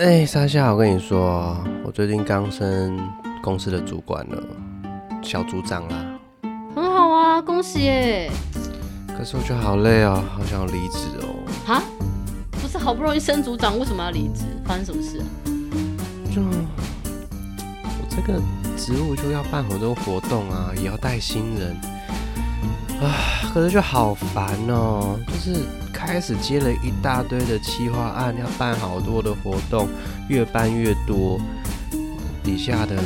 哎，莎莎、欸，我跟你說，我最近剛升公司的主管了，小組長啦。很好啊，恭喜耶、欸！可是我覺得好累哦，好想要離職哦。哈？不是好不容易升組長，為什麼要離職？發生什麼事啊？就我這個職務就要辦很多活動啊，也要帶新人，啊，可是就好煩哦，就是。開始接了一大堆的企劃案，要辦好多的活動，越辦越多。底下的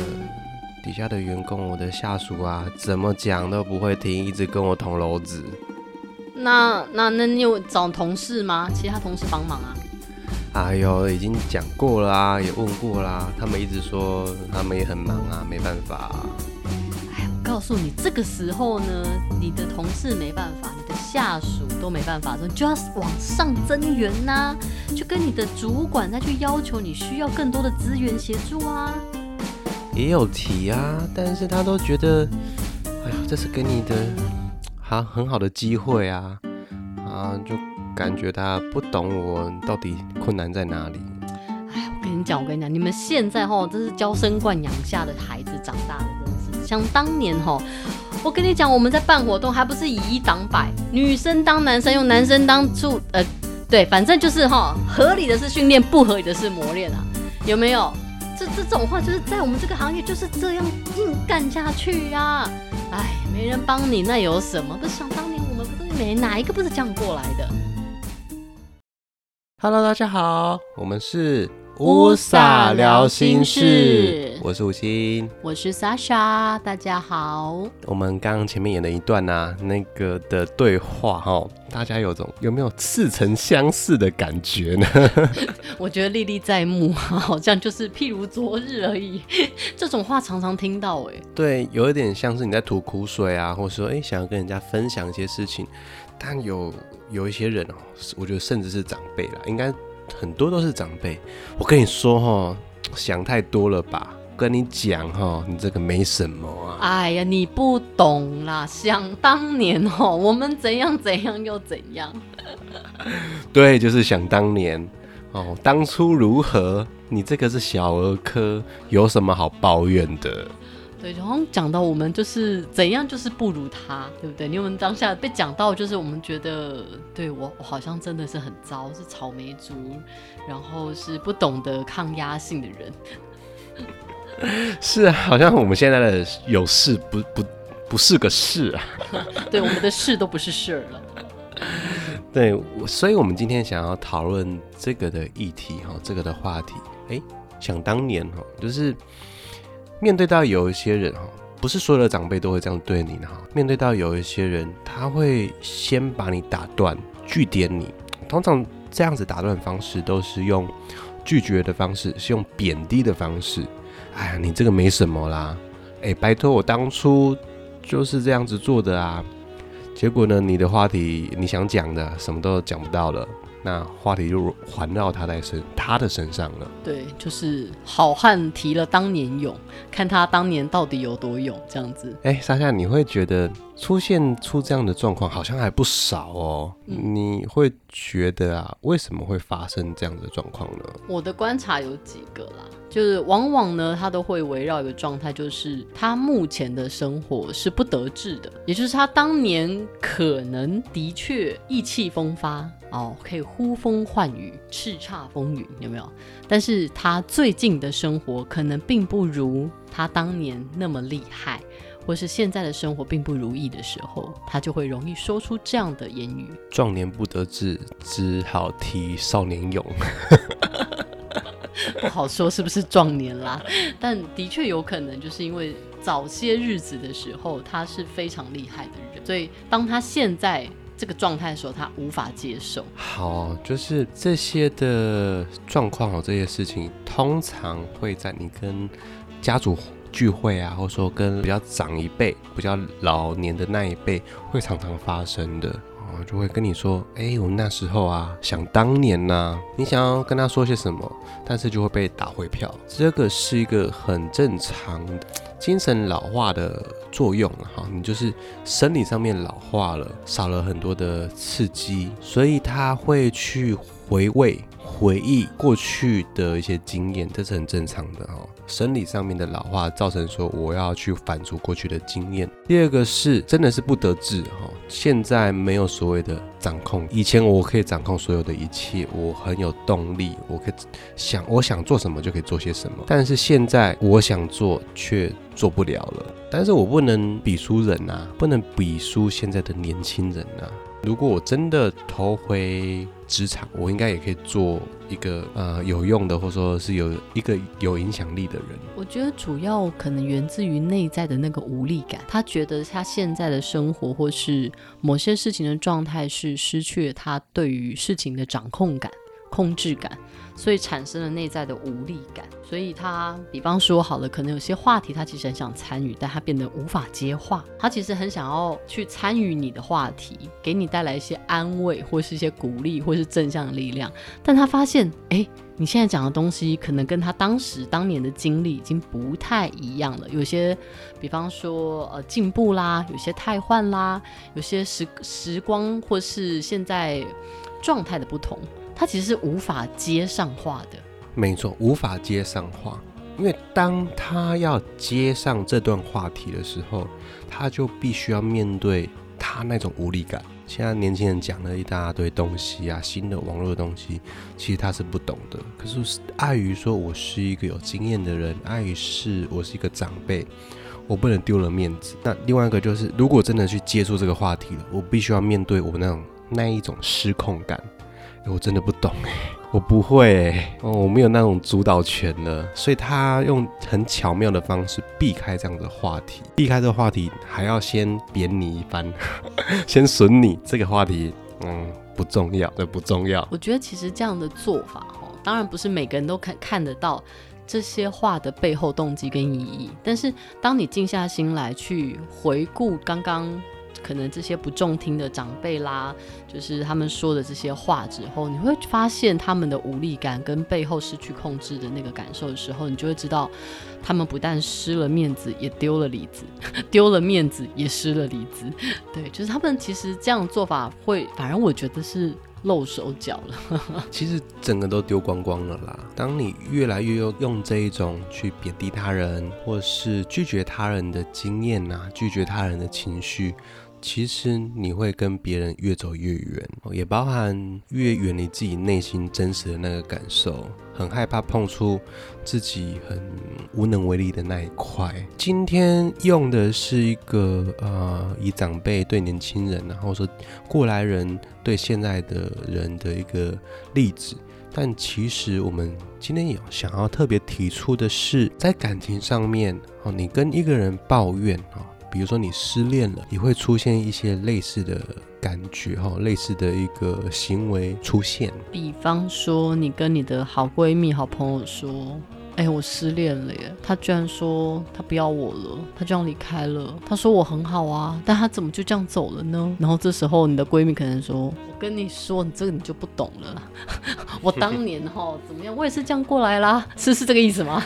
底下的員工，我的下屬啊，怎麼講都不會聽，一直跟我捅婁子。那那那你有找同事嗎？其他同事幫忙啊？哎呦，已經講過啦、啊，也問過啦、啊，他們一直說他們也很忙啊，沒辦法、啊。哎呦，我告訴你，這個時候呢，你的同事沒辦法。下屬都沒辦法，就 just 往上增援，呐、啊,就跟你的主管再去要求你需要更多的資源協助啊。也有提啊，但是他都覺得，哎呀，這是給你的好、啊、很好的機會啊，啊，就感覺他不懂我到底困難在哪裡。哎，我跟你講，我跟你講，你們現在哈，真是嬌生慣養下的孩子長大的，真的是像當年哈。我跟你講，我們在辦活動，還不是以一擋百？女生當男生用，男生當畜，呃，對，反正就是哈，合理的是訓練，不合理的是磨練啊，有沒有？這這種話就是在我們這個行業就是這樣硬幹下去呀，啊。哎，沒人幫你，那有什麼？不是想當年我們不是沒哪一個不是這樣過來的。Hello，大家好，我們是。WuSa 療心室，我是 Wu 心，我是莎莎，大家好。我們剛剛前面演了一段啊，那個的對話哈，大家有種有沒有似曾相似的感覺呢？ 我覺得歷歷在目，好像就是譬如昨日而已。這種話常常聽到哎、欸，對，有一點像是你在吐苦水啊，或者說哎、欸，想要跟人家分享一些事情，但有有一些人哦、喔，我覺得甚至是長輩啦，應該。很多都是長輩，我跟你說齁，想太多了吧？跟你講齁，你這個沒什麼啊。哎呀，你不懂啦！想當年齁，我們怎樣怎樣又怎樣。 對，就是想當年哦、喔，當初如何？你這個是小兒科，有什麼好抱怨的？對，好像講到我們就是怎樣，就是不如他，對不對？因為我們當下被講到，就是我們覺得，對，我，我好像真的是很糟，是草莓族，然後是不懂得抗壓性的人。是啊，好像我們現在的有事不不不是個事啊。 對，我們的事都不是事兒了。 對，所以我們今天想要討論這個的議題哈，這個的話題。哎，想當年哈，就是。面對到有一些人哈，不是所有的長輩都會這樣對你呢哈。面對到有一些人，他會先把你打斷，句點你。通常這樣子打斷的方式都是用拒絕的方式，是用貶低的方式。哎呀，你這個沒什麼啦。哎，拜託我當初就是這樣子做的啊。結果呢，你的話題你想講的什麼都講不到了。那話題就環繞他在身，他的身上了。對，就是好漢提了當年勇，看他當年到底有多勇，這樣子。哎，莎莎，你會覺得出現出這樣的狀況好像還不少哦。嗯。你會覺得啊，為什麼會發生這樣的狀況呢？我的觀察有幾個啦，就是往往呢，他都會圍繞一個狀態，就是他目前的生活是不得志的，也就是他當年可能的確意氣風發。哦，可以呼風喚雨，叱吒風雲，有沒有？但是他最近的生活可能並不如他當年那麼厲害，或是現在的生活並不如意的時候，他就會容易說出這樣的言語。壯年不得志，只好提少年勇。 不好說是不是壯年啦，但的確有可能，就是因為早些日子的時候，他是非常厲害的人，所以當他現在。這個狀態的時候，他無法接受。好，就是這些的狀況哦，這些事情通常會在你跟家族聚會啊，或者說跟比較長一輩、比較老年的那一輩會常常發生的。就會跟你說，哎、欸，我那時候啊，想當年吶、啊，你想要跟他說些什麼，但是就會被打回票。這個是一個很正常，精神老化的作用哈。你就是生理上面老化了，少了很多的刺激，所以他會去回味、回憶過去的一些經驗，這是很正常的哦。生理上面的老化造成說我要去反芻過去的經驗。第二個是真的是不得志哈，現在沒有所謂的掌控，以前我可以掌控所有的一切，我很有動力，我可以想我想做什麼就可以做些什麼，但是現在我想做卻做不了了，但是我不能比輸人吶、啊，不能比輸現在的年輕人吶、啊。如果我真的投回職場，我應該也可以做一個呃有用的，或者說是有一個有影響力的人。我覺得主要可能源自於內在的那個無力感，他覺得他現在的生活或是某些事情的狀態是失去了他對於事情的掌控感。控制感，所以產生了內在的無力感。所以他，比方說好了，可能有些話題他其實很想參與，但他變得無法接話。他其實很想要去參與你的話題，給你帶來一些安慰，或是一些鼓勵，或是正向的力量。但他發現，哎，你現在講的東西，可能跟他當時當年的經歷已經不太一樣了。有些，比方說，呃，進步啦，有些汰換啦，有些時時光或是現在狀態的不同。他其實是無法接上話的，沒錯，無法接上話，因為當他要接上這段話題的時候，他就必須要面對他那種無力感。現在年輕人講了一大堆東西啊，新的網絡的東西，其實他是不懂的。可是礙於說我是一個有經驗的人，礙於是我是一個長輩，我不能丟了面子。那另外一個就是，如果真的去接觸這個話題了，我必須要面對我那種那一種失控感。我真的不懂哎，我不會哦，我沒有那種主導權了，所以他用很巧妙的方式避開這樣的話題，避開這個話題還要先貶你一番，呵呵先損你。這個話題，嗯，不重要，這不重要。我覺得其實這樣的做法，哦，當然不是每個人都看看得到這些話的背後動機跟意義，但是當你靜下心來去回顧剛剛。可能這些不中聽的長輩啦，就是他們說的這些話之後，你會發現他們的無力感跟背後失去控制的那個感受的時候，你就會知道，他們不但失了面子，也丟了裡子，丟了面子也失了裡子。對，就是他們其實這樣做法會，反而我覺得是露手腳了。其實整個都丟光光了啦。當你越來越用用這一種去貶低他人，或是拒絕他人的經驗吶、啊，拒絕他人的情緒。其實你會跟別人越走越遠，也包含越遠離自己內心真實的那個感受，很害怕碰觸自己很無能為力的那一塊。今天用的是一個呃，以長輩對年輕人然後說過來人對現在的人的一個例子，但其實我們今天有想要特別提出的是，在感情上面哦，你跟一個人抱怨比如說你失戀了，你會出現一些類似的感覺哈，類似的一個行為出現。比方說你跟你的好閨蜜、好朋友說。哎、欸，我失戀了耶！他居然說他不要我了，他這樣離開了。他說我很好啊，但他怎麼就這樣走了呢？然後這時候你的閨蜜可能說：“我跟你說，你這個你就不懂了。 我當年齁怎麼樣，我也是這樣過來啦，是是這個意思嗎？”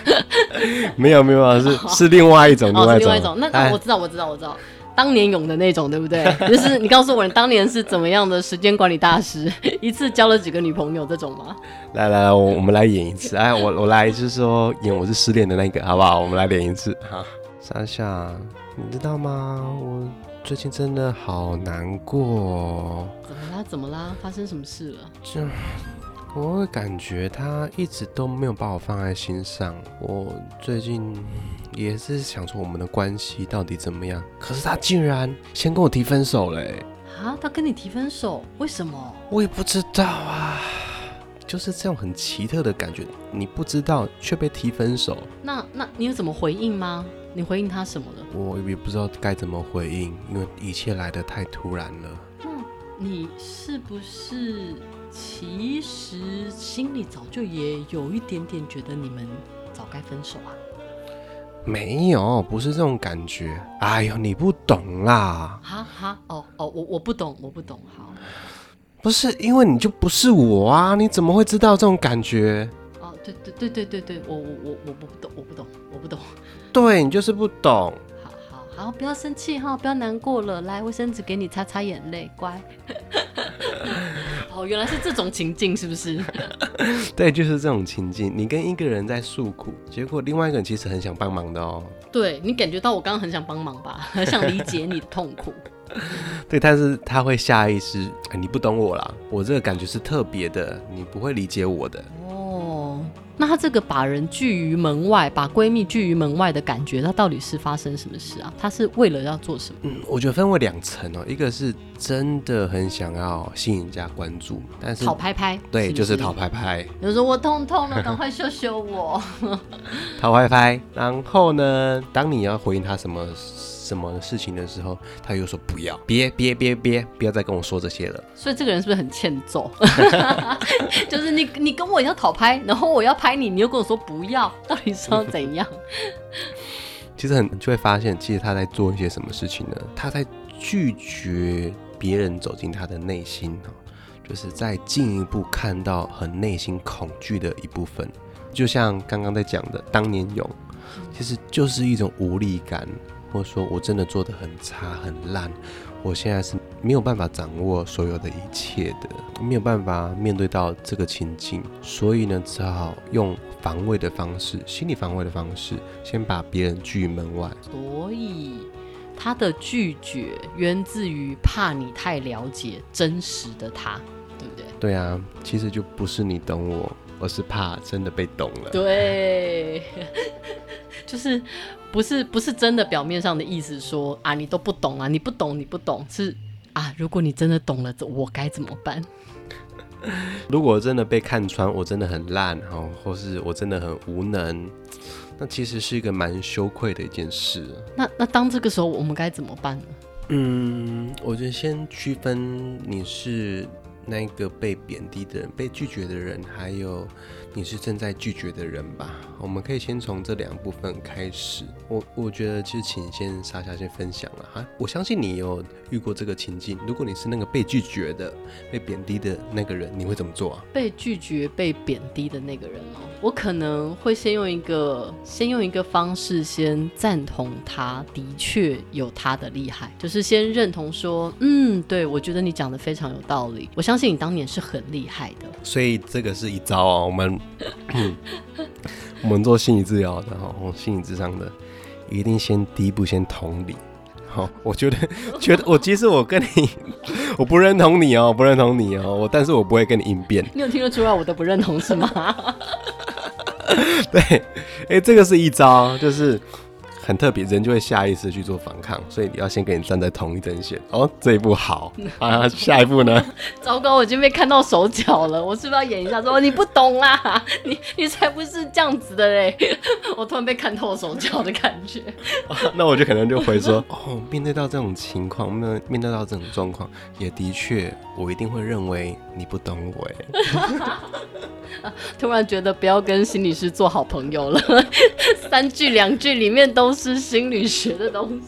沒 有沒有，沒有啊，是是另外一種另外一種，那，啊、我知道，我知道，我知道。當年勇的那種，對不對？ 就是你告訴我，你當年是怎麼樣的時間管理大師？ 一次交了幾個女朋友這種嗎？來來來，我們來演一次。哎， 我我來，就是說演我是失戀的那個，好不好？我們來演一次。哈，Sasha 你知道嗎？我最近真的好難過。怎麼啦？怎麼啦？發生什麼事了？就。我會感覺他一直都沒有把我放在心上。我最近也是想說，我們的關係到底怎麼樣，可是他竟然先跟我提分手嘞！啊，他跟你提分手，為什麼？我也不知道啊，就是這種很奇特的感覺，你不知道卻被提分手。那那你有怎麼回應嗎？你回應他什麼了？我也不知道該怎麼回應，因為一切來得太突然了。那你是不是？其實心裡早就也有一點點覺得你們早該分手啊，沒有，不是這種感覺。哎呦，你不懂啦！哈哈，哦哦，我我不懂，我不懂。好，不是因為你就不是我啊，你怎麼會知道這種感覺？哦，對對對對對對，我我我我不懂，我不懂，我不懂。對你就是不懂。好好好，不要生氣哈、哦，不要難過了，來，衛生紙給你擦擦眼淚，乖。 哦，原來是這種情境，是不是？ 對，就是這種情境。你跟一個人在訴苦，結果另外一個人其實很想幫忙的哦。對，你感覺到我剛剛很想幫忙吧？很想理解你的痛苦。 對，但是他會下意識，欸，你不懂我啦。我這個感覺是特別的，你不會理解我的。那他這個把人拒於門外，把閨蜜拒於門外的感覺，他到底是發生什麼事啊？他是為了要做什麼？嗯，我覺得分為兩層哦，一個是真的很想要吸引人家關注，但是討拍拍，對，是不是？就是討拍拍。有時候我痛痛了，趕快秀秀我。討 拍拍，然後呢？當你要回應他什麼事？什麼事情的時候，他又說不要，別別別別，不要再跟我說這些了。所以這個人是不是很欠揍？ 就是你你跟我要討拍，然後我要拍你，你又跟我說不要，到底是要怎樣？ 其實很就會發現，其實他在做一些什麼事情呢？他在拒絕別人走進他的內心，就是在進一步看到很內心恐懼的一部分。就像剛剛在講的，當年勇其實就是一種無力感。或說我真的做得很差很爛，我現在是沒有辦法掌握所有的一切的，沒有辦法面對到這個情境，所以呢，只好用防衛的方式，心理防衛的方式，先把別人拒於門外。所以他的拒絕源自於怕你太了解真實的他，對不對？對啊，其實就不是你懂我，而是怕真的被懂了。對，就是。不是不是真的表面上的意思說，說啊你都不懂啊，你不懂你不懂。是啊，如果你真的懂了，我該怎麼辦？如果真的被看穿，我真的很爛哈，或是我真的很無能，那其實是一個蠻羞愧的一件事。那那當這個時候，我們該怎麼辦呢？嗯，我就先區分你是那個被貶低的人，被拒絕的人，還有。你是正在拒絕的人吧？我們可以先從這兩部分開始。我我覺得就請先莎莎先分享了、啊、哈。我相信你有遇過這個情境。如果你是那個被拒絕的、被貶低的那個人，你會怎麼做啊？被拒絕、被貶低的那個人哦，我可能會先用一個先用一個方式，先贊同他的確有他的厲害，就是先認同說，嗯，對，我覺得你講的非常有道理。我相信你當年是很厲害的。所以這個是一招啊、喔，我們我們做心理治療的哈、喔，心理諮商的，一定先第一步先同理。好，我覺得覺得我其實我跟你 我不認同你哦、喔，不認同你哦、喔，我但是我不會跟你應變。你有聽得出來我都不認同是嗎 ？對，哎，這個是一招、喔，就是。很特別，人就會下意識去做反抗，所以你要先跟你站在同一陣線。哦，這一步好啊，下一步呢？糟糕，我已經被看到手腳了，我是不是要演一下說 你不懂啦？你你才不是這樣子的嘞！我突然被看透手腳的感覺、啊，那我就可能就回說 哦，面對到這種情況，面面對到這種狀況，也的確，我一定會認為你不懂我。哎 、啊，突然覺得不要跟心理師做好朋友了，三句兩句裡面都是。是心理學的東西。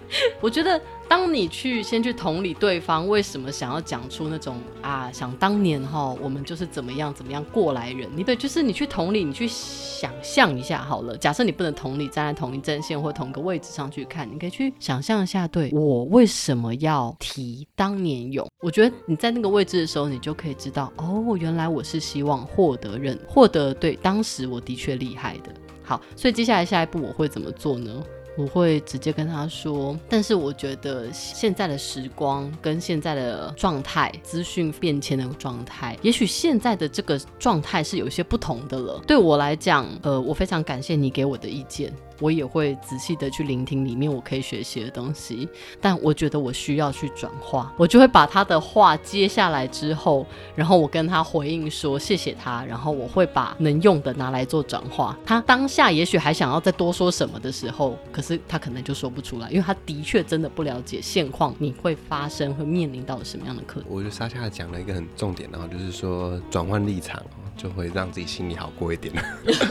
我覺得，當你去先去同理對方為什麼想要講出那種啊，想當年哈，我們就是怎麼樣怎麼樣過來人。你對，就是你去同理，你去想象一下好了。假設你不能同理，站在同一陣線或同一個位置上去看，你可以去想象一下，對，我為什麼要提當年勇？我覺得你在那個位置的時候，你就可以知道哦，原來我是希望獲得認，獲得，對，當時我的確厲害的。好，所以接下來下一步我會怎麼做呢？我會直接跟他說，但是我覺得現在的時光跟現在的狀態，資訊變遷的狀態，也許現在的這個狀態是有些不同的了。對我來講，呃，我非常感謝你給我的意見。我也會仔細的去聆聽裡面我可以學習的東西，但我覺得我需要去轉化，我就會把他的話接下來之後，然後我跟他回應說謝謝他，然後我會把能用的拿來做轉化。他當下也許還想要再多說什麼的時候，可是他可能就說不出來，因為他的確真的不了解現況，你會發生會面臨到什麼樣的可能。我覺得莎莎講了一個很重點的話，然後就是說轉換立場。就會讓自己心裡好過一點，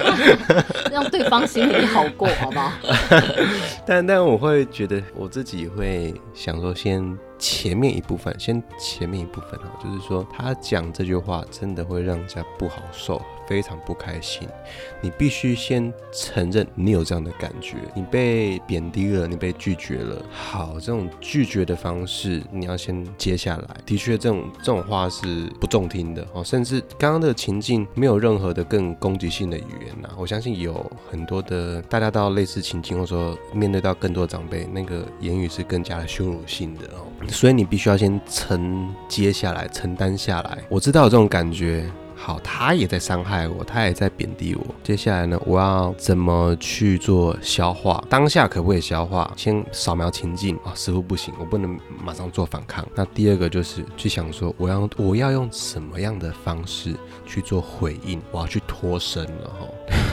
讓對方心裡好過，好不好？ 但但我會覺得，我自己會想說，先前面一部分，先前面一部分啊，就是說他講這句話，真的會讓人家不好受。非常不開心，你必須先承認你有這樣的感覺，你被貶低了，你被拒絕了。好，這種拒絕的方式，你要先接下來。的確，這種這種話是不中聽的哦，甚至剛剛的情境沒有任何的更攻擊性的語言吶、啊。我相信有很多的大家到類似情境，或者說面對到更多長輩，那個言語是更加的羞辱性的哦。所以你必須要先承接下來，承擔下來。我知道有這種感覺。好，他也在傷害我，他也在貶低我。接下來呢，我要怎麼去做消化？當下可不可以消化？先掃描情境啊，哦，似乎不行，我不能馬上做反抗。那第二個就是去想說，我要我要用什麼樣的方式去做回應？我要去脫身了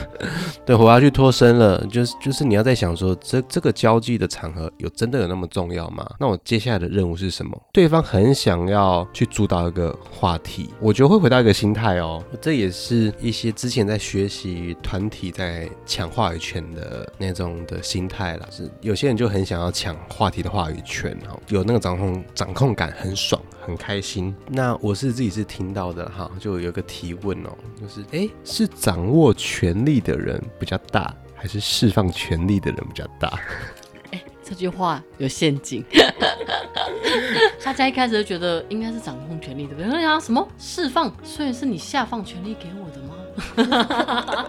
對，我要去脫身了，就是就是你要在想說，這這個交際的場合有真的有那麼重要嗎？那我接下來的任務是什麼？對方很想要去主導一個話題，我覺得會回到一個心態。哦，這也是一些之前在學習團體在搶話語權的那種的心態啦，是有些人就很想要搶話題的話語權，哈，有那個掌控掌控感很爽很開心。那我是自己是聽到的哈，就有一個提問哦，就是哎，是掌握權力的人比較大，還是釋放權力的人比較大？哎，這句話有陷阱。 大家、 啊、一開始就覺得，應該是掌控權力的。比如什麼釋放？所以是你下放權力給我的嗎？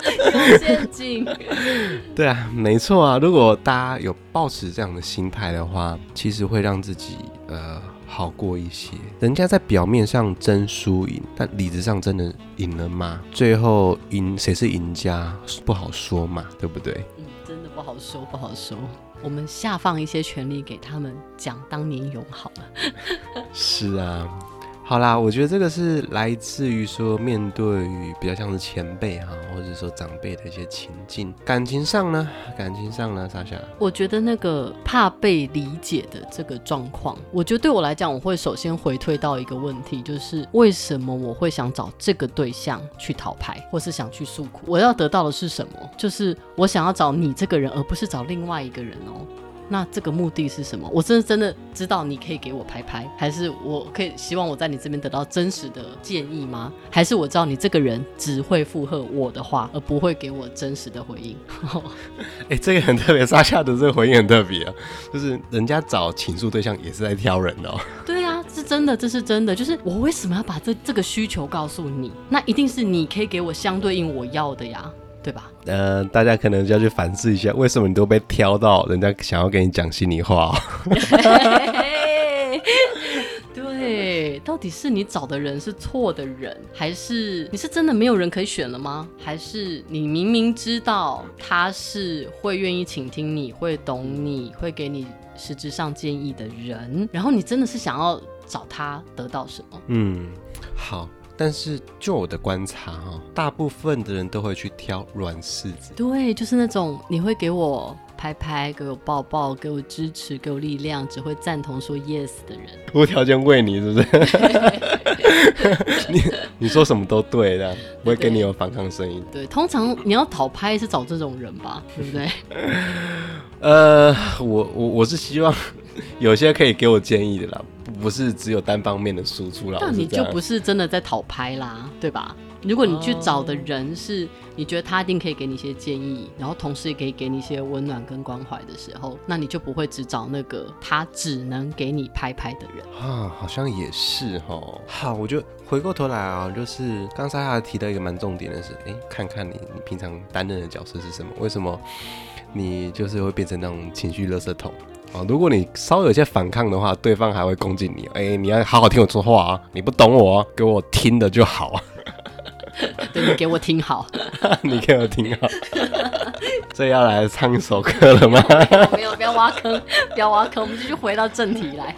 有緊 對啊，沒錯啊。如果大家有抱持這樣的心態的話，其實會讓自己呃好過一些。人家在表面上真輸贏，但理智上真的贏了嗎？最後贏，誰是贏家？不好說嘛，對不對？嗯、真的不好說，不好說。我們下放一些權利，給他們，講當年勇好了。 是啊。好啦，我覺得這個是來自於說，面對於比較像是前輩哈、啊，或者說長輩的一些情境。感情上呢，感情上呢，Sasha，我覺得那個怕被理解的這個狀況，我覺得對我來講，我會首先回退到一個問題，就是為什麼我會想找這個對象去討拍，或是想去訴苦？我要得到的是什麼？就是我想要找你這個人，而不是找另外一個人哦。那這個目的是什麼？我真的真的知道你可以給我拍拍，還是我可以希望我在你這邊得到真實的建議嗎？還是我知道你這個人只會附和我的話，而不會給我真實的回應？哎、 欸，這個很特別，沙夏的這個回應很特別啊，就是人家找傾訴對象也是在挑人的哦。對啊，是真的，這是真的，就是我為什麼要把這這個需求告訴你？那一定是你可以給我相對應我要的呀。對吧？嗯、呃，大家可能就要去反思一下，為什麼你都被挑到，人家想要跟你講心裡話。對，到底是你找的人是錯的人，還是你是真的沒有人可以選了嗎？還是你明明知道他是會願意傾聽你，你會懂你，會給你實質上建議的人，然後你真的是想要找他得到什麼？嗯，好。但是就我的觀察哈、哦，大部分的人都會去挑軟柿子，對，就是那種你會給我拍拍，給我抱抱，給我支持，給我力量，只會贊同說 yes 的人，無條件餵你，是不是？對 你對你說什麼都對的、啊，不對會跟你有反抗聲音。對，通常你要討拍是找這種人吧，對不對？ 呃，我我我是希望。 有些可以給我建議的啦，不是只有單方面的輸出啦。但你就不是真的在討拍啦， 對吧？如果你去找的人是你覺得他一定可以給你一些建議，然後同時也可以給你一些溫暖跟關懷的時候，那你就不會只找那個他只能給你拍拍的人啊，好像也是哈。好，我就回過頭來啊，就是剛才他提到一個蠻重點的是，哎、欸，看看你你平常擔任的角色是什麼？為什麼你就是會變成那種情緒垃圾桶？啊，如果你稍微有些反抗的話，對方還會攻擊你。哎、欸，你要好好聽我說話啊，你不懂我，給我聽的就好啊。你給我聽好，你給我聽好，這要來唱一首歌了嗎 沒有？沒有，不要挖坑，不要挖坑，我們就回到正題來。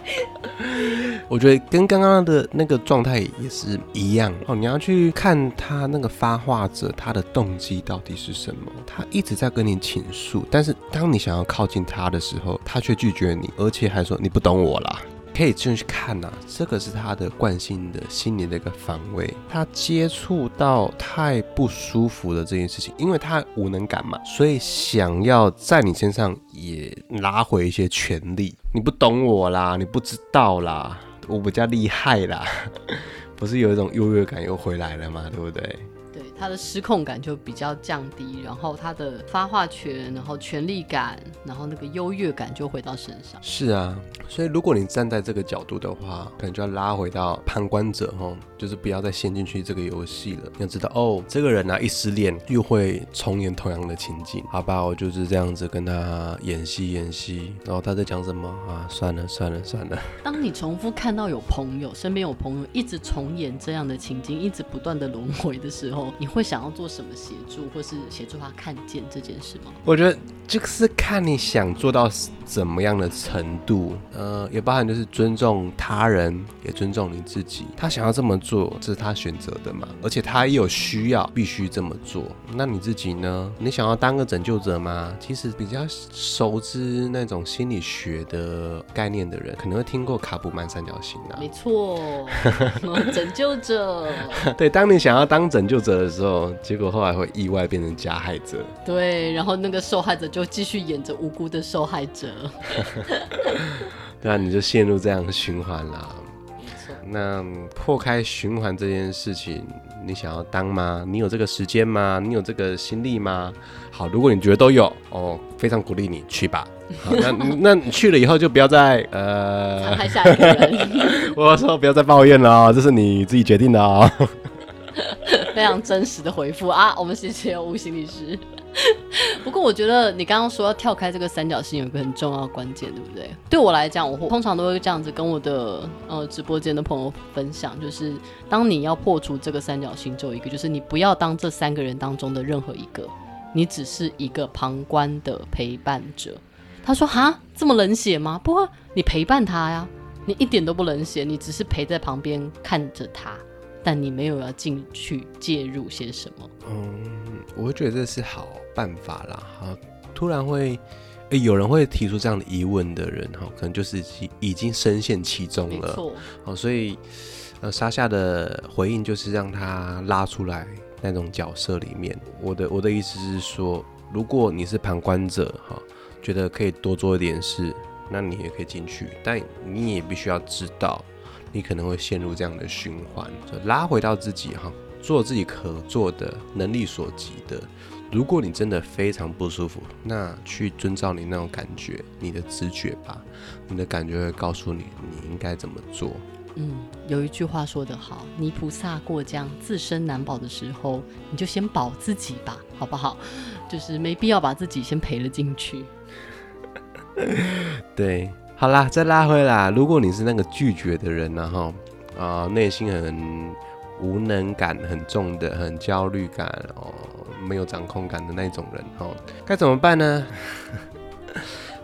我覺得跟剛剛的那個狀態也是一樣哦。你要去看他那個發話者，他的動機到底是什麼？他一直在跟你傾訴，但是當你想要靠近他的時候，他卻拒絕你，而且還說你不懂我啦。可以進去看吶、啊，這個是他的慣性的心理的一個防衛。他接觸到太不舒服的這件事情，因為他無能感嘛，所以想要在你身上也拿回一些權利。你不懂我啦，你不知道啦，我比較厲害啦， 不是有一種優越感又回來了嘛，對不對？他的失控感就比較降低，然後他的發話權，然後權力感，然後那個優越感就回到身上。是啊，所以如果你站在這個角度的話，可能就要拉回到旁觀者吼，就是不要再陷進去這個遊戲了。你要知道哦，這個人啊一失戀又會重演同樣的情景。好吧，我就是這樣子跟他演戲演戲，然後他在講什麼啊？算了算了算了。算了，當你重複看到有朋友身邊有朋友一直重演這樣的情景，一直不斷的輪迴的時候，你。 會想要做什麼協助，或是協助他看見這件事嗎？我覺得這個是是看你想做到。怎麼樣的程度？呃，也包含就是尊重他人，也尊重你自己。他想要這麼做，這是他選擇的嘛？而且他也有需要必須這麼做。那你自己呢？你想要當個拯救者嗎？其實比較熟知那種心理學的概念的人，可能會聽過卡普曼三角形啊。沒錯， 哦，拯救者。 對，當你想要當拯救者的時候，結果後來會意外變成加害者。對，然後那個受害者就繼續演着無辜的受害者。 對啊，你就陷入這樣的循環啦。沒錯。那破開循環這件事情，你想要當嗎？你有這個時間嗎？你有這個心力嗎？好，如果你覺得都有，哦，非常鼓勵你去吧。好，那那你去了以後就不要再呃，傷害下一個人。我說不要再抱怨了、哦，這是你自己決定的啊、哦。 非常真實的回復啊，我們謝謝吳心理師。 不過我覺得你剛剛說要跳開這個三角形，有一個很重要的關鍵，對不對？對我來講，我通常都會這樣子跟我的呃直播間的朋友分享，就是當你要破除這個三角形，就有一個就是你不要當這三個人當中的任何一個，你只是一個旁觀的陪伴者。他說哈，這麼冷血嗎？不，你陪伴他呀，你一點都不冷血，你只是陪在旁邊看着他，但你沒有要進去介入些什麼。嗯，我會覺得這是好。辦法啦，哈，突然會，欸，有人會提出這樣的疑問的人，哈，可能就是已經深陷其中了，好，沒錯，哦，所以，呃，沙夏的回應就是讓他拉出來那種角色裡面。我的我的意思是說，如果你是旁觀者，哈，覺得可以多做一點事，那你也可以進去，但你也必須要知道，你可能會陷入這樣的循環，就拉回到自己，哈，做自己可做的能力所及的。如果你真的非常不舒服，那去遵照你那種感覺、你的直覺吧，你的感覺會告訴你，你應該怎麼做。嗯，有一句話說得好，泥菩薩過江，自身難保的時候，你就先保自己吧，好不好？就是沒必要把自己先賠了進去。 對，好啦，再拉回來，如果你是那個拒絕的人、啊，然後啊，內心很。無能感很重的，很焦慮感哦，沒有掌控感的那種人哦，該怎麼辦呢？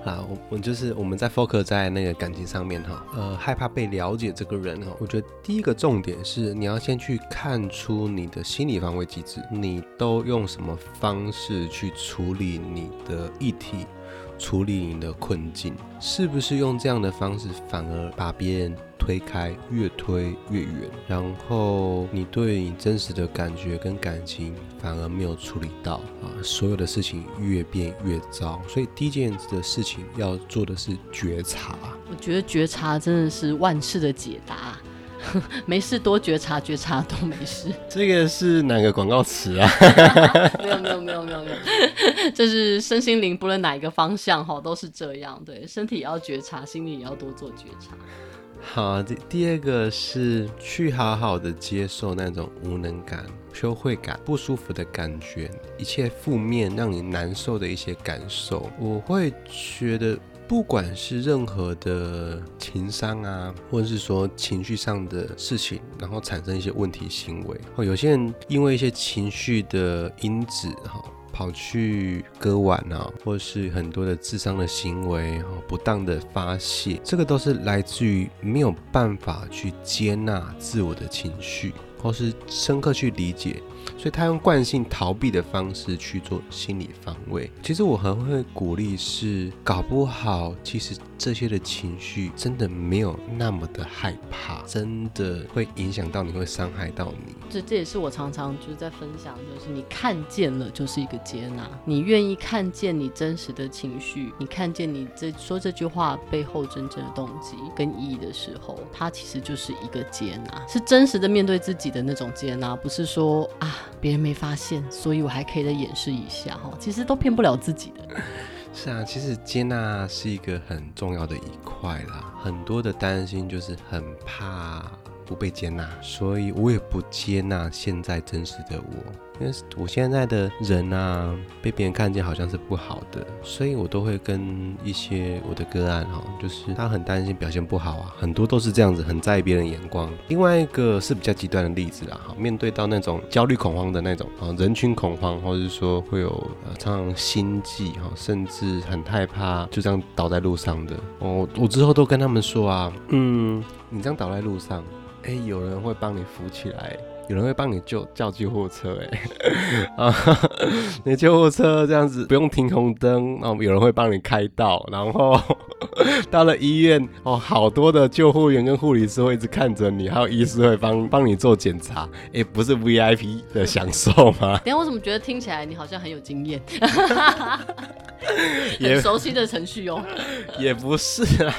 啊， 我我就是我們在 focus 在那個感情上面哈，呃、哦，害怕被了解這個人哈，我覺得第一個重點是你要先去看出你的心理防衛機制，你都用什麼方式去處理你的議題。處理你的困境，是不是用這樣的方式反而把別人推開，越推越遠？然後你對你真實的感覺跟感情反而沒有處理到啊，所有的事情越變越糟。所以第一件的事情要做的是覺察。我覺得覺察真的是萬事的解答。 沒事，多覺察，覺察都沒事。這個是哪個廣告詞啊？ 沒有，沒有，沒有，沒有，沒有。就是身心靈，不論哪一個方向哈，都是這樣。對，身體也要覺察，心裡也要多做覺察。好，第第二個是去好好的接受那種無能感、羞愧感、不舒服的感覺，一切負面讓你難受的一些感受，我會覺得。不管是任何的情商啊，或者是說情緒上的事情，然後產生一些問題行為，哦，有些人因為一些情緒的因子，哈，跑去割腕啊，或者是很多的自傷的行為，哈，不當的發洩，這個都是來自於沒有辦法去接納自我的情緒，或是深刻去理解。所以他用慣性逃避的方式去做心理防衛。其實我很會鼓勵是，是搞不好，其實這些的情緒真的沒有那麼的害怕，真的會影響到你，會傷害到你。這這也是我常常就是在分享，就是你看見了，就是一個接納。你願意看見你真實的情緒，你看見你這說這句話背後真正的動機跟意義的時候，它其實就是一個接納，是真實的面對自己的那種接納，不是說啊。別人沒發現，所以我還可以再掩飾一下哈。其實都騙不了自己的。是啊，其實接納是一個很重要的一塊啦。很多的擔心就是很怕，不被接納，所以我也不接納現在真實的我，因為我現在的人啊，被別人看見好像是不好的，所以我都會跟一些我的個案哈，就是他很擔心表現不好啊，很多都是這樣子，很在意別人眼光。另外一個是比較極端的例子啦，面對到那種焦慮恐慌的那種啊，人群恐慌，或者是說會有像常常心悸哈，甚至很害怕就這樣倒在路上的。哦，我之後都跟他們說啊，嗯，你這樣倒在路上。哎、欸，有人會幫你扶起來。有人會幫你救叫救護車哎、欸、是啊！你救護車這樣子不用停紅燈、啊，然後有人會幫你開道，然後到了醫院哦、啊，好多的救護員跟護理師會一直看着你，還有醫師會幫幫你做檢查。哎、欸，不是 VIP 的享受嗎？等下我怎麼覺得聽起來你好像很有經驗， 很熟悉的程序哦、喔？也不是啦，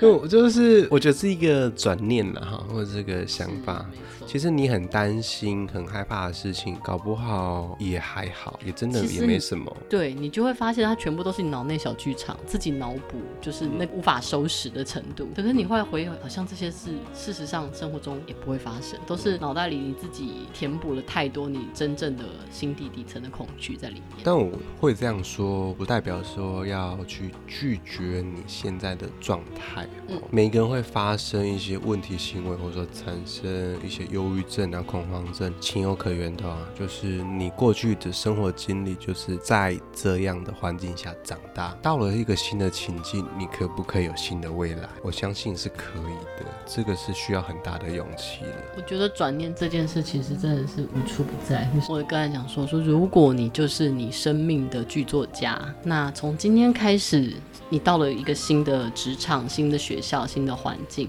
就、嗯、就是我覺得是一個轉念了哈，或者這個想法。其實你很擔心、很害怕的事情，搞不好也還好，也真的也沒什麼。對，你就會發現，它全部都是你腦內小劇場，自己腦補，就是那無法收拾的程度。嗯、可是你會回，好像這些事事實上生活中也不會發生，都是腦袋裡你自己填補了太多你真正的心底底層的恐懼在裡面。但我會這樣說，不代表說要去拒絕你現在的狀態。喔、嗯，每個人會發生一些問題行為，或者說產生一些。憂鬱症啊，恐慌症，情有可原的啊。就是你過去的生活經歷，就是在這樣的環境下長大，到了一個新的情境，你可不可以有新的未來？我相信是可以的，這個是需要很大的勇氣的。我覺得轉念這件事其實真的是無處不在。我剛才想說，說如果你就是你生命的劇作家，那從今天開始，你到了一個新的職場、新的學校、新的環境。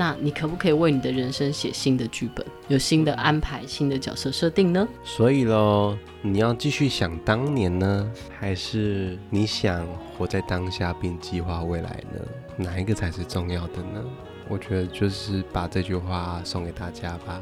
那你可不可以為你的人生寫新的劇本，有新的安排、新的角色設定呢？所以嘍，你要繼續想當年呢，還是你想活在當下並計劃未來呢？哪一個才是重要的呢？我覺得就是把這句話送給大家吧。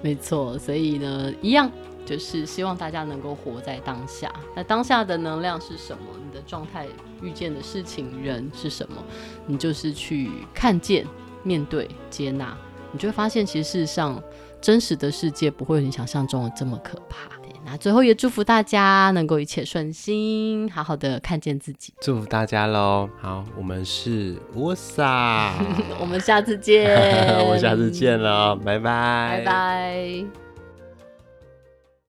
沒錯，所以呢，一樣就是希望大家能夠活在當下。那當下的能量是什麼？你的狀態、遇見的事情、人是什麼？你就是去看見。面對接納，你就會發現，其實世實上真實的世界不會你想象中的這麼可怕，那最後也祝福大家能夠一切順心，好好的看見自己。祝福大家嘍！好，我們是我薩， 我們下次見。 我下次見了，拜拜，拜拜。